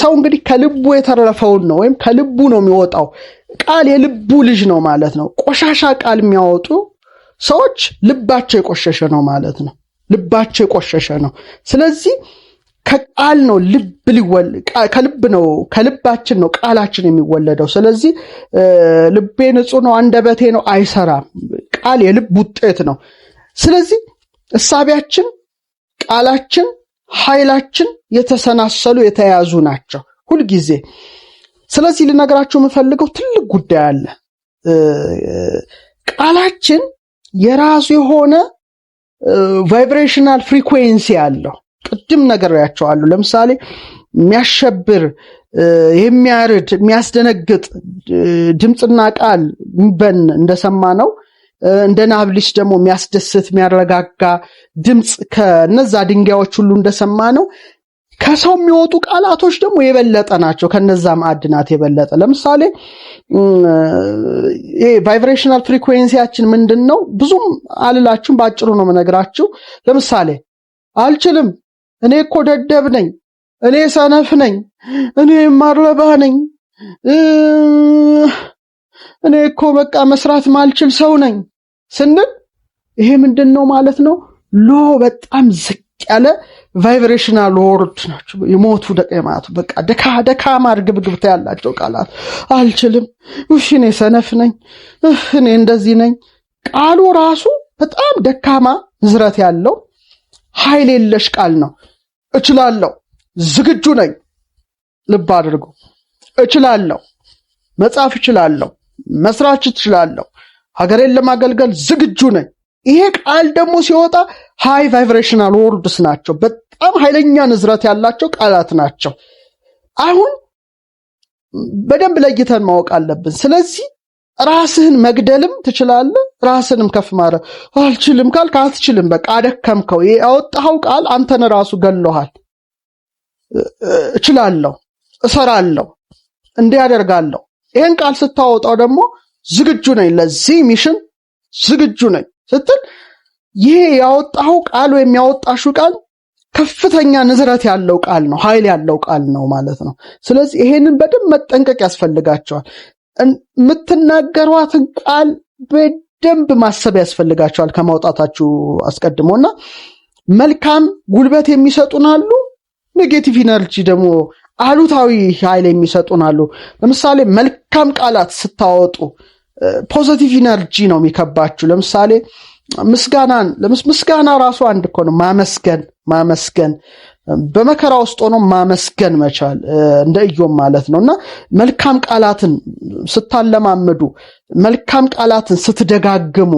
ሰው እንግዲህ ከልቡ የተረፈውን ነው ወይም ከልቡ ነው የሚወጣው። ቃል የልቡ ልጅ ነው ማለት ነው። ቆሻሻ ቃል የሚያወጡ ሰዎች ልባቸው የቆሸሸ ነው ማለት ነው። ልባቸው የቆሸሸ ነው። ስለዚህ ከቃል ነው ልብ ከልብ ነው ከልባችን ነው ቃላችን የሚወለደው። ስለዚህ ልቤ ንጹ ነው አንደበቴ ነው አይሰራም። ቃል የልብ ውጤት ነው። ስለዚህ እሳቢያችን ቃላችን ኃይላችን የተሰናሰሉ የተያዙ ናቸው ሁልጊዜ። ስለዚህ ልነግራቸው የምፈልገው ትልቅ ጉዳይ አለ። ቃላችን የራሱ የሆነ ቫይብሬሽናል ፍሪኩዌንሲ አለው። ቅድም ነገር ያቸዋለሁ። ለምሳሌ የሚያሸብር የሚያርድ የሚያስደነግጥ ድምፅና ቃል ሚበን እንደሰማ ነው እንደ ናብሊስ ደግሞ የሚያስደስት የሚያረጋጋ ድምፅ ከነዛ ድንጋዮች ሁሉ እንደሰማ ነው። ከሰው የሚወጡ ቃላቶች ደግሞ የበለጠ ናቸው፣ ከነዛ ማዕድናት የበለጠ ለምሳሌ ቫይብሬሽናል ፍሪኩዌንሲያችን ምንድን ነው? ብዙም አልላችሁም፣ በአጭሩ ነው መነግራችሁ። ለምሳሌ አልችልም፣ እኔ እኮ ደደብ ነኝ፣ እኔ ሰነፍ ነኝ፣ እኔ ማርለባ ነኝ፣ እኔ እኮ በቃ መስራት ማልችል ሰው ነኝ ስንል ይሄ ምንድን ነው ማለት ነው? ሎ በጣም ዝቅ ያለ ቫይብሬሽናል ወርድ ናቸው። የሞቱ ደቀማቱ በቃ ደካ ደካ ማርግብግብታ ያላቸው ቃላት አልችልም፣ ውሽ እኔ ሰነፍ ነኝ፣ እኔ እንደዚህ ነኝ። ቃሉ ራሱ በጣም ደካማ ንዝረት ያለው ኃይል የለሽ ቃል ነው። እችላለሁ፣ ዝግጁ ነኝ። ልብ አድርጎ እችላለሁ፣ መጻፍ እችላለሁ፣ መስራች እችላለሁ ሀገሬን ለማገልገል ዝግጁ ነኝ። ይሄ ቃል ደግሞ ሲወጣ ሃይ ቫይብሬሽናል ወርድስ ናቸው። በጣም ኃይለኛ ንዝረት ያላቸው ቃላት ናቸው። አሁን በደንብ ለይተን ማወቅ አለብን። ስለዚህ ራስህን መግደልም ትችላለህ፣ ራስህንም ከፍ ማድረግ አልችልም ካልክ አትችልም። በቃ አደከምከው። ያወጣኸው ቃል አንተን ራሱ ገለሃል። እችላለሁ፣ እሰራለሁ፣ እንዲህ ያደርጋለሁ። ይህን ቃል ስታወጣው ደግሞ ዝግጁ ነኝ፣ ለዚህ ሚሽን ዝግጁ ነኝ ስትል ይሄ ያወጣው ቃል ወይም ያወጣሹ ቃል ከፍተኛ ንዝረት ያለው ቃል ነው፣ ኃይል ያለው ቃል ነው ማለት ነው። ስለዚህ ይሄንን በደንብ መጠንቀቅ ያስፈልጋቸዋል። የምትናገሯትን ቃል በደንብ ማሰብ ያስፈልጋቸዋል ከማውጣታችሁ እና መልካም ጉልበት የሚሰጡን አሉ ኔጌቲቭ ኢነርጂ ደግሞ አሉታዊ ኃይል የሚሰጡን አሉ። ለምሳሌ መልካም ቃላት ስታወጡ ፖዘቲቭ ኢነርጂ ነው የሚከባችሁ። ለምሳሌ ምስጋናን ምስጋና ራሱ አንድ እኮ ነው። ማመስገን ማመስገን በመከራ ውስጥ ሆኖ ማመስገን መቻል እንደ እዮም ማለት ነው እና መልካም ቃላትን ስታለማምዱ፣ መልካም ቃላትን ስትደጋግሙ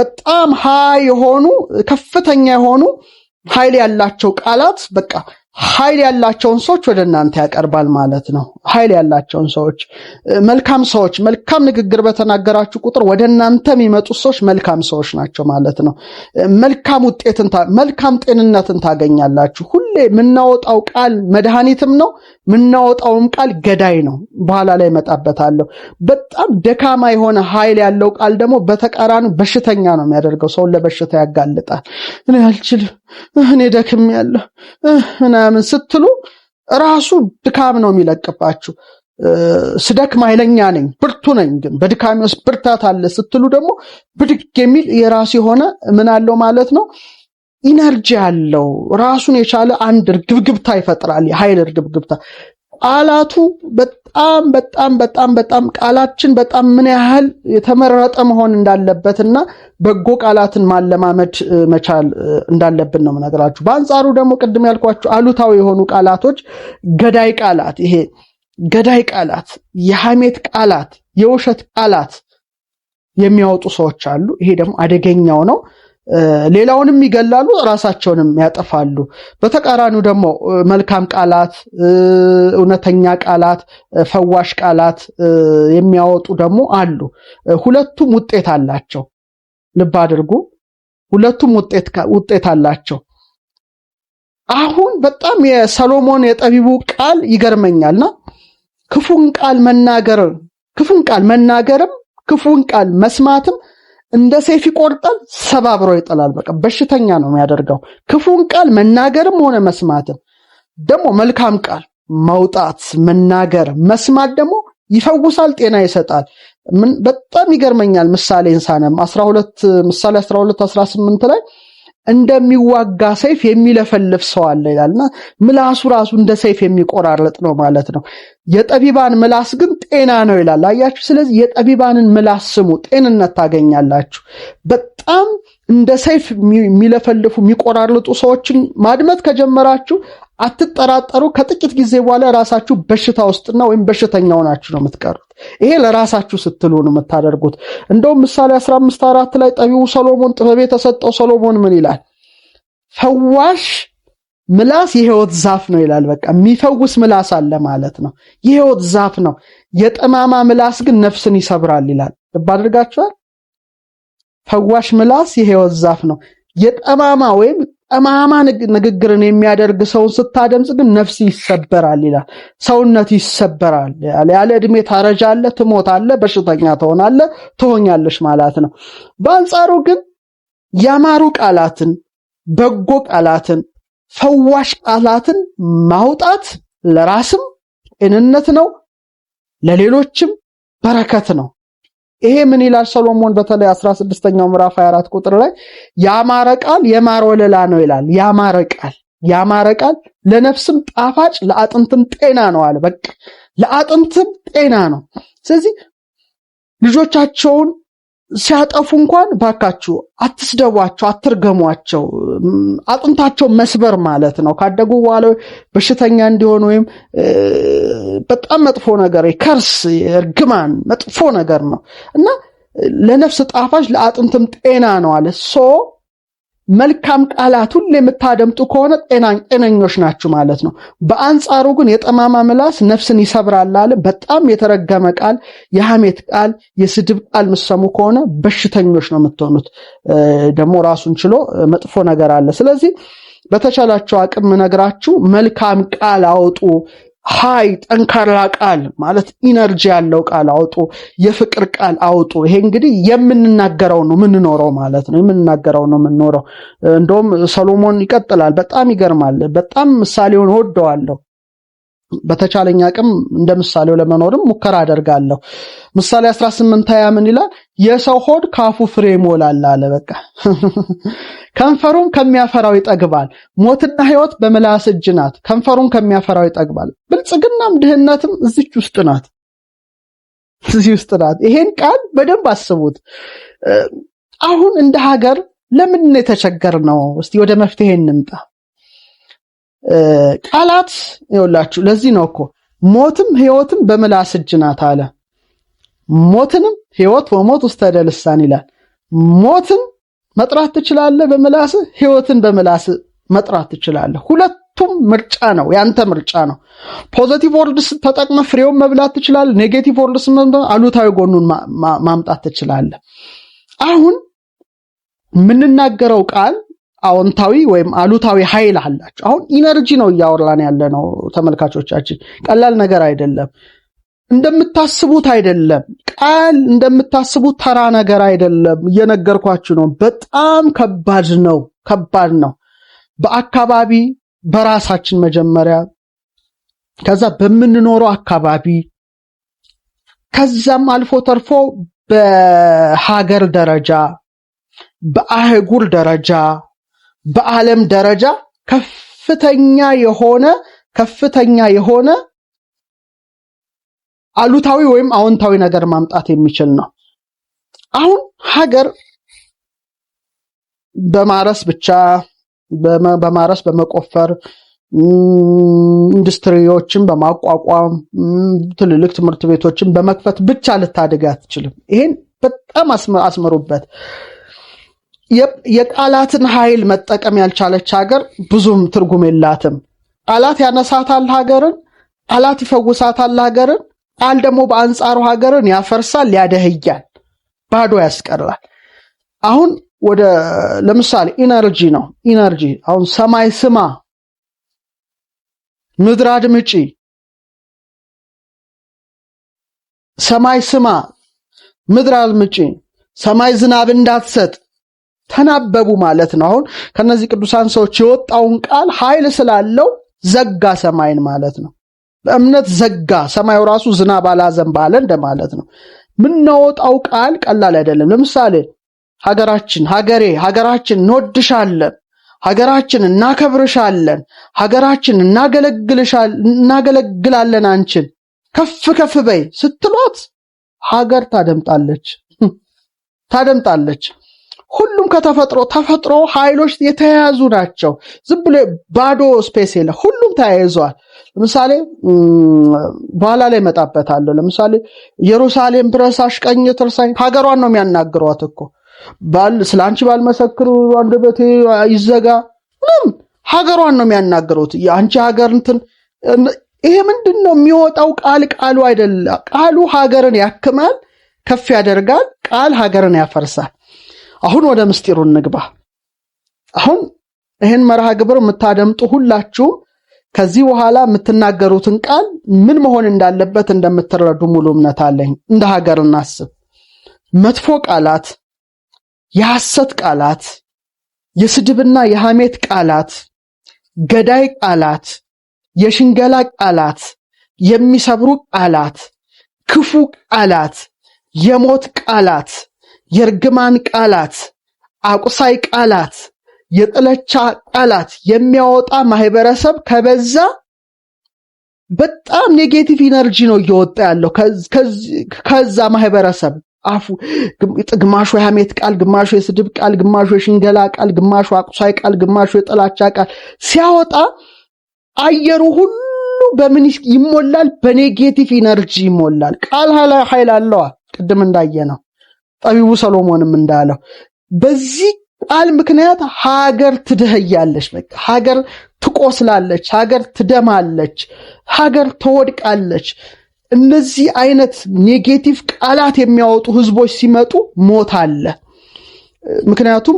በጣም ሀይ የሆኑ ከፍተኛ የሆኑ ኃይል ያላቸው ቃላት በቃ ኃይል ያላቸውን ሰዎች ወደ እናንተ ያቀርባል ማለት ነው። ኃይል ያላቸውን ሰዎች፣ መልካም ሰዎች፣ መልካም ንግግር በተናገራችሁ ቁጥር ወደ እናንተ የሚመጡ ሰዎች መልካም ሰዎች ናቸው ማለት ነው። መልካም ውጤትን፣ መልካም ጤንነትን ታገኛላችሁ። ሁሌ የምናወጣው ቃል መድኃኒትም ነው፣ የምናወጣውም ቃል ገዳይ ነው። በኋላ ላይ እመጣበታለሁ። በጣም ደካማ የሆነ ኃይል ያለው ቃል ደግሞ በተቃራኒ በሽተኛ ነው የሚያደርገው። ሰውን ለበሽታ ያጋልጣል። እኔ አልችልም፣ እኔ ደክሜያለሁ ምናምን ስትሉ ራሱ ድካም ነው የሚለቅባችሁ። ስደክም ኃይለኛ ነኝ፣ ብርቱ ነኝ፣ ግን በድካሜ ውስጥ ብርታት አለ ስትሉ ደግሞ ብድግ የሚል የራሱ የሆነ ምን አለው ማለት ነው ኢነርጂ አለው። ራሱን የቻለ አንድ እርግብግብታ ይፈጥራል። የኃይል እርግብግብታ ቃላቱ በጣም በጣም በጣም በጣም ቃላችን በጣም ምን ያህል የተመረጠ መሆን እንዳለበት እና በጎ ቃላትን ማለማመድ መቻል እንዳለብን ነው የምነግራችሁ። በአንጻሩ ደግሞ ቅድም ያልኳችሁ አሉታዊ የሆኑ ቃላቶች፣ ገዳይ ቃላት፣ ይሄ ገዳይ ቃላት፣ የሐሜት ቃላት፣ የውሸት ቃላት የሚያወጡ ሰዎች አሉ። ይሄ ደግሞ አደገኛው ነው። ሌላውንም ይገላሉ፣ ራሳቸውንም ያጠፋሉ። በተቃራኒው ደግሞ መልካም ቃላት፣ እውነተኛ ቃላት፣ ፈዋሽ ቃላት የሚያወጡ ደግሞ አሉ። ሁለቱም ውጤት አላቸው። ልብ አድርጉ፣ ሁለቱም ውጤት አላቸው። አሁን በጣም የሰሎሞን የጠቢቡ ቃል ይገርመኛልና ክፉን ቃል መናገር ክፉን ቃል መናገርም ክፉን ቃል መስማትም እንደ ሰይፍ ይቆርጣል፣ ሰባብሮ ይጠላል። በቃ በሽተኛ ነው የሚያደርገው። ክፉን ቃል መናገርም ሆነ መስማትም ደግሞ መልካም ቃል መውጣት፣ መናገር፣ መስማት ደግሞ ይፈውሳል፣ ጤና ይሰጣል። በጣም ይገርመኛል። ምሳሌ እንሳነም ሁለት ምሳሌ 12 18 ላይ እንደሚዋጋ ሰይፍ የሚለፈልፍ ሰው አለ ይላልና ምላሱ ራሱ እንደ ሰይፍ የሚቆራረጥ ነው ማለት ነው። የጠቢባን ምላስ ግን ጤና ነው ይላል። አያችሁ። ስለዚህ የጠቢባንን ምላስ ስሙ፣ ጤንነት ታገኛላችሁ። በጣም እንደ ሰይፍ የሚለፈልፉ የሚቆራርጡ ሰዎችን ማድመጥ ከጀመራችሁ አትጠራጠሩ። ከጥቂት ጊዜ በኋላ ራሳችሁ በሽታ ውስጥና ወይም በሽተኛ ሆናችሁ ነው የምትቀሩት። ይሄ ለራሳችሁ ስትሉ ነው የምታደርጉት። እንደውም ምሳሌ 15 አራት ላይ ጠቢው ሰሎሞን ጥበብ የተሰጠው ሰሎሞን ምን ይላል? ፈዋሽ ምላስ የህይወት ዛፍ ነው ይላል። በቃ የሚፈውስ ምላስ አለ ማለት ነው። የህይወት ዛፍ ነው። የጠማማ ምላስ ግን ነፍስን ይሰብራል ይላል። ልብ አድርጋችኋል? ፈዋሽ ምላስ የህይወት ዛፍ ነው። የጠማማ ወይም ጠማማ ንግግርን የሚያደርግ ሰውን ስታደምጽ ግን ነፍስ ይሰበራል ይላል። ሰውነት ይሰበራል ያለ ዕድሜ ታረጃለህ፣ አለ በሽተኛ ትሆናለ፣ ትሆኛለሽ ማለት ነው። በአንጻሩ ግን ያማሩ ቃላትን፣ በጎ ቃላትን፣ ፈዋሽ ቃላትን ማውጣት ለራስም ጤንነት ነው፣ ለሌሎችም በረከት ነው። ይሄ ምን ይላል ሰሎሞን በተለይ 16ኛው ምዕራፍ 24 ቁጥር ላይ ያማረ ቃል የማር ወለላ ነው ይላል። ያማረ ቃል ያማረ ቃል ለነፍስም ጣፋጭ ለአጥንትም ጤና ነው አለ። በቃ ለአጥንትም ጤና ነው። ስለዚህ ልጆቻቸውን ሲያጠፉ እንኳን ባካችሁ አትስደቧቸው፣ አትርገሟቸው። አጥንታቸው መስበር ማለት ነው። ካደጉ በኋላ በሽተኛ እንዲሆን ወይም በጣም መጥፎ ነገር ከርስ፣ እርግማን መጥፎ ነገር ነው እና ለነፍስ ጣፋጭ ለአጥንትም ጤና ነው አለ ሶ መልካም ቃላት ሁሉ የምታደምጡ ከሆነ ጤነኞች ናችሁ ማለት ነው። በአንጻሩ ግን የጠማማ ምላስ ነፍስን ይሰብራል አለ። በጣም የተረገመ ቃል፣ የሐሜት ቃል፣ የስድብ ቃል የምትሰሙ ከሆነ በሽተኞች ነው የምትሆኑት። ደግሞ ራሱን ችሎ መጥፎ ነገር አለ። ስለዚህ በተቻላቸው አቅም ነግራችሁ መልካም ቃል አውጡ። ሀይ ጠንካራ ቃል ማለት ኢነርጂ ያለው ቃል አውጡ፣ የፍቅር ቃል አውጡ። ይሄ እንግዲህ የምንናገረው ነው የምንኖረው ማለት ነው። የምንናገረው ነው የምንኖረው። እንደውም ሰሎሞን ይቀጥላል። በጣም ይገርማል። በጣም ምሳሌውን እወደዋለሁ። በተቻለኝ አቅም እንደ ምሳሌው ለመኖርም ሙከራ አደርጋለሁ። ምሳሌ 18 20 ምን ይላል? የሰው ሆድ ካፉ ፍሬ ይሞላል አለ። በቃ ከንፈሩም ከሚያፈራው ይጠግባል። ሞትና ሕይወት በምላስ እጅ ናት። ከንፈሩም ከሚያፈራው ይጠግባል። ብልጽግናም ድህነትም እዚች ውስጥ ናት፣ እዚህ ውስጥ ናት። ይሄን ቃል በደንብ አስቡት። አሁን እንደ ሀገር ለምን የተቸገር ነው? እስቲ ወደ መፍትሄ እንምጣ። ቃላት ይውላችሁ። ለዚህ ነው እኮ ሞትም ህይወትም በምላስ እጅ ናት አለ። ሞትንም ህይወት ወሞት ውስተ እደ ይላል። ሞትን መጥራት ትችላለህ በምላስ ህይወትን በምላስ መጥራት ትችላለህ። ሁለቱም ምርጫ ነው፣ ያንተ ምርጫ ነው። ፖዘቲቭ ወርድስ ተጠቅመ ፍሬውን መብላት ትችላለህ። ኔጌቲቭ ወርድስ አሉታዊ ጎኑን ማምጣት ትችላለህ። አሁን የምንናገረው ቃል አዎንታዊ ወይም አሉታዊ ኃይል አላቸው። አሁን ኢነርጂ ነው እያወራን ያለ ነው ተመልካቾቻችን፣ ቀላል ነገር አይደለም። እንደምታስቡት አይደለም። ቃል እንደምታስቡት ተራ ነገር አይደለም። እየነገርኳችሁ ነው። በጣም ከባድ ነው። ከባድ ነው። በአካባቢ በራሳችን መጀመሪያ፣ ከዛ በምንኖረው አካባቢ፣ ከዛም አልፎ ተርፎ በሀገር ደረጃ በአህጉር ደረጃ በዓለም ደረጃ ከፍተኛ የሆነ ከፍተኛ የሆነ አሉታዊ ወይም አዎንታዊ ነገር ማምጣት የሚችል ነው። አሁን ሀገር በማረስ ብቻ በማረስ በመቆፈር ኢንዱስትሪዎችን በማቋቋም ትልልቅ ትምህርት ቤቶችን በመክፈት ብቻ ልታድግ አትችልም። ይሄን በጣም አስመሩበት። የቃላትን ኃይል መጠቀም ያልቻለች ሀገር ብዙም ትርጉም የላትም። ቃላት ያነሳታል ሀገርን፣ ቃላት ይፈውሳታል ሀገርን፣ ቃል ደግሞ በአንጻሩ ሀገርን ያፈርሳል፣ ያደህያል፣ ባዶ ያስቀራል። አሁን ወደ ለምሳሌ ኢነርጂ ነው። ኢነርጂ አሁን ሰማይ ስማ፣ ምድር አድምጪ፣ ሰማይ ስማ፣ ምድር አድምጪ፣ ሰማይ ዝናብ እንዳትሰጥ ተናበቡ ማለት ነው። አሁን ከነዚህ ቅዱሳን ሰዎች የወጣውን ቃል ኃይል ስላለው ዘጋ ሰማይን ማለት ነው። በእምነት ዘጋ ሰማዩ ራሱ ዝናብ አላዘንብ አለ እንደማለት ነው። የምናወጣው ቃል ቀላል አይደለም። ለምሳሌ ሀገራችን፣ ሀገሬ፣ ሀገራችን እንወድሻለን፣ ሀገራችን እናከብርሻለን፣ ሀገራችን እናገለግላለን፣ አንቺን ከፍ ከፍ በይ ስትሏት ሀገር ታደምጣለች ታደምጣለች። ሁሉም ከተፈጥሮ ተፈጥሮ ኃይሎች የተያያዙ ናቸው። ዝም ብሎ ባዶ ስፔስ የለ፣ ሁሉም ተያይዘዋል። ለምሳሌ በኋላ ላይ እመጣበታለሁ። ለምሳሌ ኢየሩሳሌም ብረስ አሽቀኝ ትርሳኝ፣ ሀገሯን ነው የሚያናግሯት እኮ ባል ስለ አንቺ ባልመሰክሩ አንደበቴ ይዘጋ ምንም ሀገሯን ነው የሚያናገሩት። የአንቺ ሀገር እንትን ይሄ ምንድን ነው የሚወጣው ቃል ቃሉ አይደለ? ቃሉ ሀገርን ያክማል፣ ከፍ ያደርጋል። ቃል ሀገርን ያፈርሳል። አሁን ወደ ምስጢሩ እንግባ። አሁን ይህን መርሃ ግብር የምታደምጡ ሁላችሁም ከዚህ በኋላ የምትናገሩትን ቃል ምን መሆን እንዳለበት እንደምትረዱ ሙሉ እምነት አለኝ። እንደ ሀገር እናስብ። መጥፎ ቃላት፣ የሐሰት ቃላት፣ የስድብና የሐሜት ቃላት፣ ገዳይ ቃላት፣ የሽንገላ ቃላት፣ የሚሰብሩ ቃላት፣ ክፉ ቃላት፣ የሞት ቃላት የእርግማን ቃላት፣ አቁሳይ ቃላት፣ የጥላቻ ቃላት የሚያወጣ ማህበረሰብ ከበዛ በጣም ኔጌቲቭ ኢነርጂ ነው እየወጣ ያለው ከዛ ማህበረሰብ አፉ ግማሹ የሐሜት ቃል፣ ግማሹ የስድብ ቃል፣ ግማሹ የሽንገላ ቃል፣ ግማሹ አቁሳይ ቃል፣ ግማሹ የጥላቻ ቃል ሲያወጣ አየሩ ሁሉ በምን ይሞላል? በኔጌቲቭ ኢነርጂ ይሞላል። ቃል ኃይል አለዋ። ቅድም እንዳየ ነው። ጠቢቡ ሰሎሞንም እንዳለው በዚህ ቃል ምክንያት ሀገር ትድህያለች፣ በቃ ሀገር ትቆስላለች፣ ሀገር ትደማለች፣ ሀገር ትወድቃለች። እነዚህ አይነት ኔጌቲቭ ቃላት የሚያወጡ ህዝቦች ሲመጡ ሞት አለ። ምክንያቱም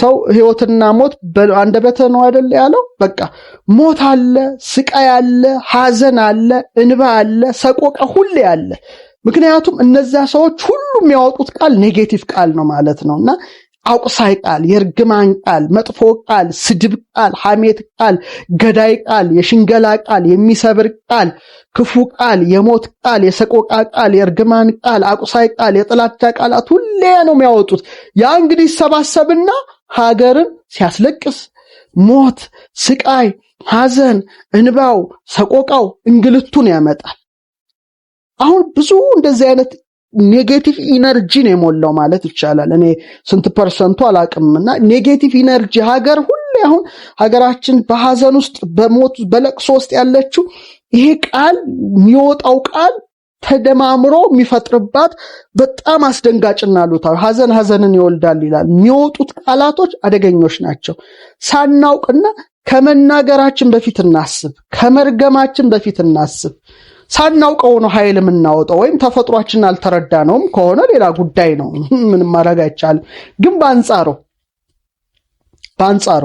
ሰው ህይወትና ሞት በአንደበት ነው አይደል ያለው። በቃ ሞት አለ፣ ስቃይ አለ፣ ሀዘን አለ፣ እንባ አለ፣ ሰቆቃ ሁሌ አለ። ምክንያቱም እነዚያ ሰዎች ሁሉ የሚያወጡት ቃል ኔጌቲቭ ቃል ነው ማለት ነው እና አቁሳይ ቃል፣ የእርግማን ቃል፣ መጥፎ ቃል፣ ስድብ ቃል፣ ሐሜት ቃል፣ ገዳይ ቃል፣ የሽንገላ ቃል፣ የሚሰብር ቃል፣ ክፉ ቃል፣ የሞት ቃል፣ የሰቆቃ ቃል፣ የእርግማን ቃል፣ አቁሳይ ቃል፣ የጥላቻ ቃላት ሁሌ ነው የሚያወጡት። ያ እንግዲህ ይሰባሰብና ሀገርን ሲያስለቅስ ሞት፣ ስቃይ፣ ሐዘን፣ እንባው፣ ሰቆቃው፣ እንግልቱን ያመጣል። አሁን ብዙ እንደዚህ አይነት ኔጌቲቭ ኢነርጂ ነው የሞላው ማለት ይቻላል። እኔ ስንት ፐርሰንቱ አላቅም እና ኔጌቲቭ ኢነርጂ ሀገር ሁሌ አሁን ሀገራችን በሀዘን ውስጥ በሞት በለቅሶ ውስጥ ያለችው ይሄ ቃል የሚወጣው ቃል ተደማምሮ የሚፈጥርባት በጣም አስደንጋጭና ሉታዊ ሀዘን ሀዘንን ይወልዳል ይላል። የሚወጡት ቃላቶች አደገኞች ናቸው። ሳናውቅና ከመናገራችን በፊት እናስብ፣ ከመርገማችን በፊት እናስብ። ሳናውቀው ነው ኃይል የምናወጣው ወይም ተፈጥሯችን አልተረዳነውም ከሆነ ሌላ ጉዳይ ነው። ምንም ማድረግ አይቻልም። ግን በአንጻሩ በአንጻሩ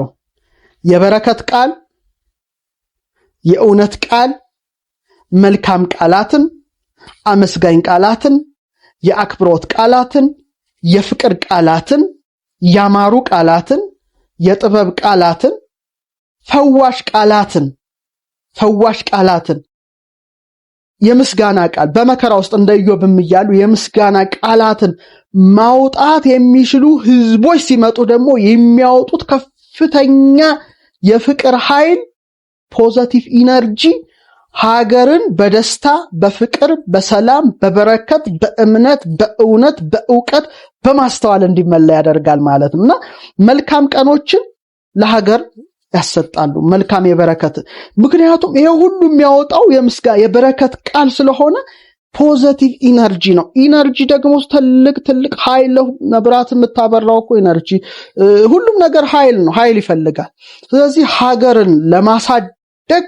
የበረከት ቃል፣ የእውነት ቃል፣ መልካም ቃላትን፣ አመስጋኝ ቃላትን፣ የአክብሮት ቃላትን፣ የፍቅር ቃላትን፣ ያማሩ ቃላትን፣ የጥበብ ቃላትን፣ ፈዋሽ ቃላትን ፈዋሽ ቃላትን የምስጋና ቃል በመከራ ውስጥ እንደ ኢዮብም እያሉ የምስጋና ቃላትን ማውጣት የሚችሉ ህዝቦች ሲመጡ ደግሞ የሚያወጡት ከፍተኛ የፍቅር ኃይል፣ ፖዘቲቭ ኢነርጂ ሀገርን በደስታ በፍቅር በሰላም በበረከት በእምነት በእውነት በእውቀት በማስተዋል እንዲመላ ያደርጋል ማለት ነው እና መልካም ቀኖችን ለሀገር ያሰጣሉ። መልካም የበረከት ምክንያቱም ይሄ ሁሉ የሚያወጣው የምስጋ የበረከት ቃል ስለሆነ ፖዘቲቭ ኢነርጂ ነው። ኢነርጂ ደግሞ ትልቅ ትልቅ ኃይል መብራት የምታበራው እኮ ኢነርጂ፣ ሁሉም ነገር ኃይል ነው። ሀይል ይፈልጋል። ስለዚህ ሀገርን ለማሳደግ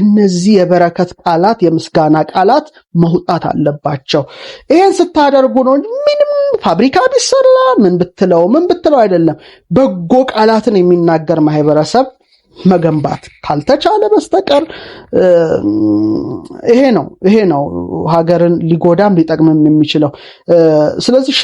እነዚህ የበረከት ቃላት፣ የምስጋና ቃላት መውጣት አለባቸው። ይሄን ስታደርጉ ነው ምንም ፋብሪካ ቢሰራ ምን ብትለው ምን ብትለው አይደለም። በጎ ቃላትን የሚናገር ማህበረሰብ መገንባት ካልተቻለ በስተቀር ይሄ ነው ይሄ ነው ሀገርን ሊጎዳም ሊጠቅምም የሚችለው። ስለዚህ